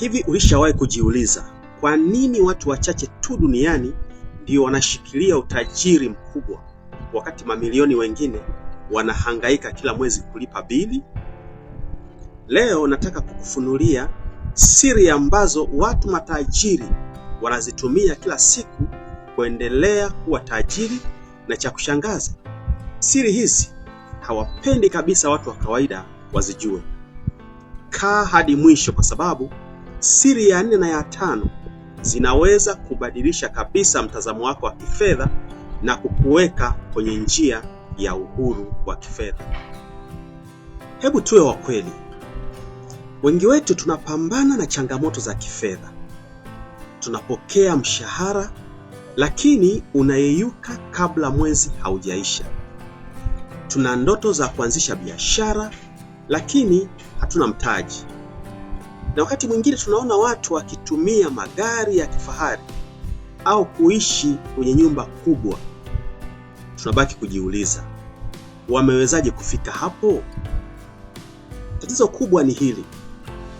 Hivi ulishawahi kujiuliza kwa nini watu wachache tu duniani ndio wanashikilia utajiri mkubwa wakati mamilioni wengine wanahangaika kila mwezi kulipa bili? Leo nataka kukufunulia siri ambazo watu matajiri wanazitumia kila siku kuendelea kuwa tajiri, na cha kushangaza, siri hizi hawapendi kabisa watu wa kawaida wazijue. Kaa hadi mwisho kwa sababu Siri ya nne na ya tano zinaweza kubadilisha kabisa mtazamo wako wa kifedha na kukuweka kwenye njia ya uhuru wa kifedha. Hebu tuwe wa kweli, wengi wetu tunapambana na changamoto za kifedha. Tunapokea mshahara, lakini unayeyuka kabla mwezi haujaisha. Tuna ndoto za kuanzisha biashara, lakini hatuna mtaji na wakati mwingine tunaona watu wakitumia magari ya kifahari au kuishi kwenye nyumba kubwa, tunabaki kujiuliza wamewezaje kufika hapo? Tatizo kubwa ni hili,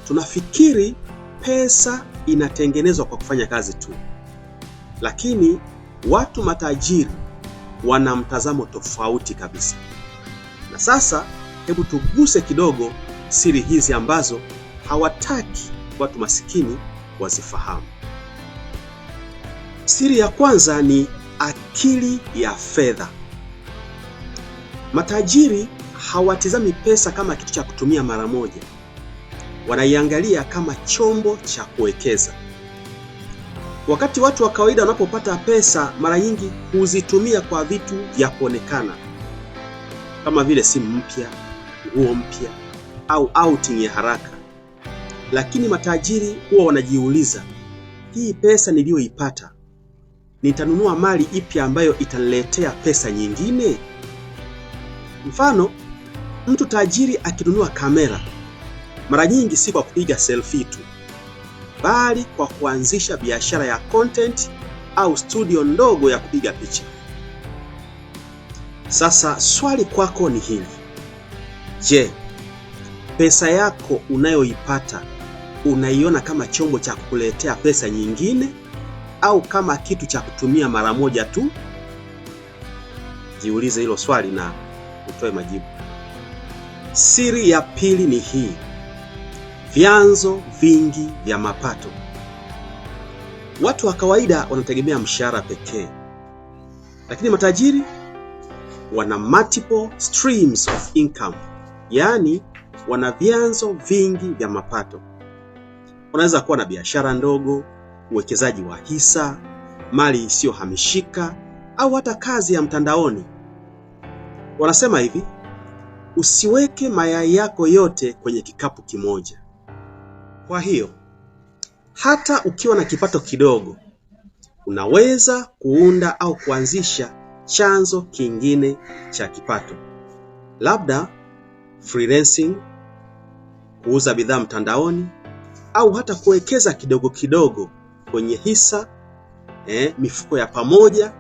tunafikiri pesa inatengenezwa kwa kufanya kazi tu, lakini watu matajiri wana mtazamo tofauti kabisa. Na sasa hebu tuguse kidogo siri hizi ambazo hawataki watu masikini wazifahamu. Siri ya kwanza ni akili ya fedha. Matajiri hawatizami pesa kama kitu cha kutumia mara moja, wanaiangalia kama chombo cha kuwekeza. Wakati watu wa kawaida wanapopata pesa, mara nyingi huzitumia kwa vitu vya kuonekana kama vile simu mpya, nguo mpya au outing ya haraka. Lakini matajiri huwa wanajiuliza, hii pesa niliyoipata nitanunua mali ipi ambayo italetea pesa nyingine? Mfano, mtu tajiri akinunua kamera, mara nyingi si kwa kupiga selfie tu, bali kwa kuanzisha biashara ya content au studio ndogo ya kupiga picha. Sasa swali kwako ni hili: je, pesa yako unayoipata unaiona kama chombo cha kukuletea pesa nyingine au kama kitu cha kutumia mara moja tu? Jiulize hilo swali na utoe majibu. Siri ya pili ni hii: vyanzo vingi vya mapato. Watu wa kawaida wanategemea mshahara pekee, lakini matajiri wana multiple streams of income, yaani wana vyanzo vingi vya mapato. Unaweza kuwa na biashara ndogo, uwekezaji wa hisa, mali isiyohamishika au hata kazi ya mtandaoni. Wanasema hivi, usiweke mayai yako yote kwenye kikapu kimoja. Kwa hiyo hata ukiwa na kipato kidogo, unaweza kuunda au kuanzisha chanzo kingine cha kipato, labda freelancing, kuuza bidhaa mtandaoni au hata kuwekeza kidogo kidogo kwenye hisa eh, mifuko ya pamoja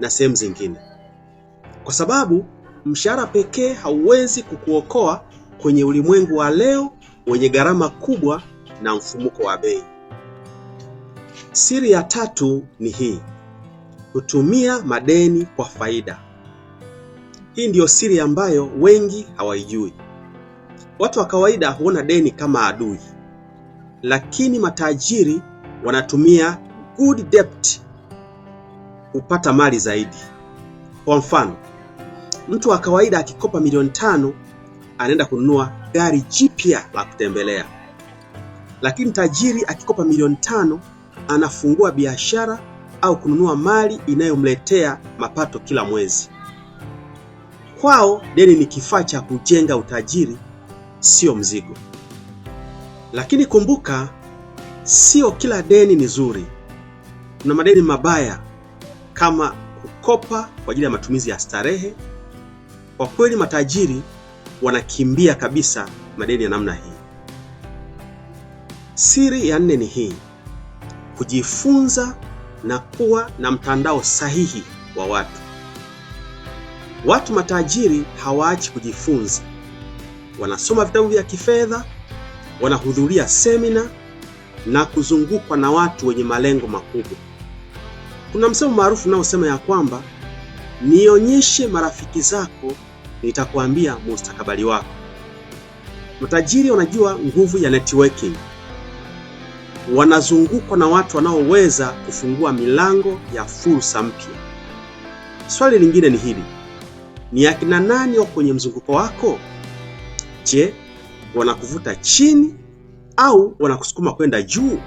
na sehemu zingine, kwa sababu mshahara pekee hauwezi kukuokoa kwenye ulimwengu wa leo wenye gharama kubwa na mfumuko wa bei. Siri ya tatu ni hii: kutumia madeni kwa faida. Hii ndiyo siri ambayo wengi hawaijui. Watu wa kawaida huona deni kama adui lakini matajiri wanatumia good debt kupata mali zaidi. Kwa mfano, mtu wa kawaida akikopa milioni tano anaenda kununua gari jipya la kutembelea, lakini tajiri akikopa milioni tano anafungua biashara au kununua mali inayomletea mapato kila mwezi. Kwao deni ni kifaa cha kujenga utajiri, sio mzigo. Lakini kumbuka, sio kila deni ni zuri. Kuna madeni mabaya kama kukopa kwa ajili ya matumizi ya starehe. Kwa kweli, matajiri wanakimbia kabisa madeni ya namna hii. Siri ya nne ni hii: kujifunza na kuwa na mtandao sahihi wa watu. Watu matajiri hawaachi kujifunza, wanasoma vitabu vya kifedha wanahudhuria semina na kuzungukwa na watu wenye malengo makubwa. Kuna msemo maarufu unaosema ya kwamba nionyeshe marafiki zako, nitakwambia mustakabali wako. Matajiri wanajua nguvu ya networking, wanazungukwa na watu wanaoweza kufungua milango ya fursa mpya. Swali lingine ni hili: ni akina nani wako kwenye mzunguko wako? Je, wanakuvuta chini au wanakusukuma kwenda juu?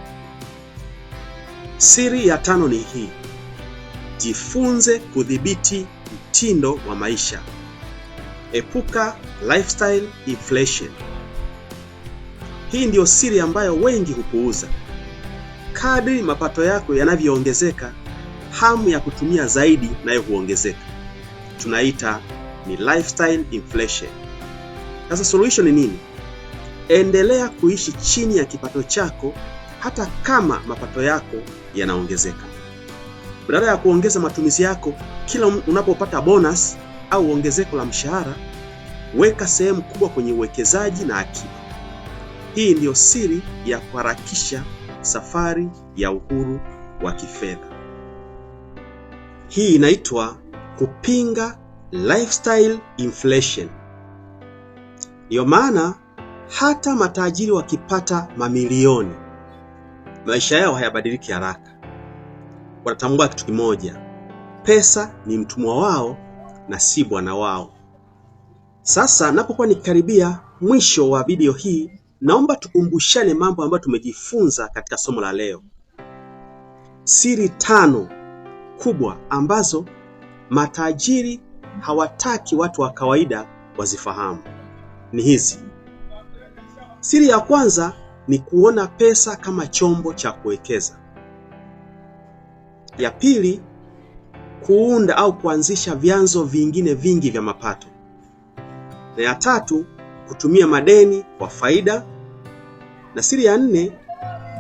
Siri ya tano ni hii: jifunze kudhibiti mtindo wa maisha. Epuka lifestyle inflation. Hii ndiyo siri ambayo wengi hupuuza. Kadri mapato yako yanavyoongezeka, hamu ya kutumia zaidi nayo huongezeka. Tunaita ni lifestyle inflation. Sasa solution ni nini? endelea kuishi chini ya kipato chako hata kama mapato yako yanaongezeka. Badala ya kuongeza matumizi yako kila unapopata bonus au ongezeko la mshahara, weka sehemu kubwa kwenye uwekezaji na akiba. Hii ndiyo siri ya kuharakisha safari ya uhuru wa kifedha. Hii inaitwa kupinga lifestyle inflation. Ndiyo maana hata matajiri wakipata mamilioni, maisha yao hayabadiliki haraka. Wanatambua kitu kimoja, pesa ni mtumwa wao na si bwana wao. Sasa napokuwa nikikaribia mwisho wa video hii, naomba tukumbushane mambo ambayo tumejifunza katika somo la leo. Siri tano kubwa ambazo matajiri hawataki watu wa kawaida wazifahamu ni hizi. Siri ya kwanza ni kuona pesa kama chombo cha kuwekeza. Ya pili, kuunda au kuanzisha vyanzo vingine vingi vya mapato. Na ya tatu, kutumia madeni kwa faida. Na siri ya nne,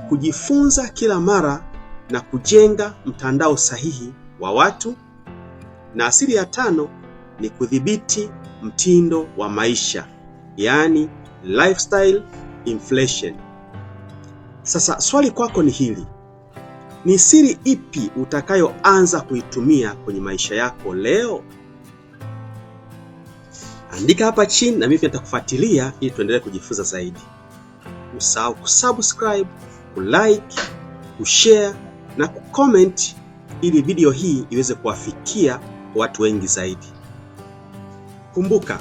kujifunza kila mara na kujenga mtandao sahihi wa watu. Na siri ya tano ni kudhibiti mtindo wa maisha, yaani lifestyle inflation. Sasa swali kwako ni hili, ni siri ipi utakayoanza kuitumia kwenye maisha yako leo? Andika hapa chini na mimi pia nitakufuatilia ili tuendelee kujifunza zaidi. Usahau kusubscribe, kulike, kushare na kucomment ili video hii iweze kuwafikia watu wengi zaidi. Kumbuka,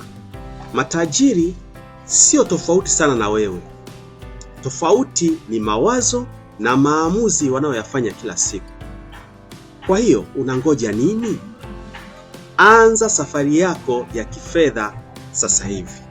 matajiri sio tofauti sana na wewe. Tofauti ni mawazo na maamuzi wanayoyafanya kila siku. Kwa hiyo unangoja nini? Anza safari yako ya kifedha sasa hivi.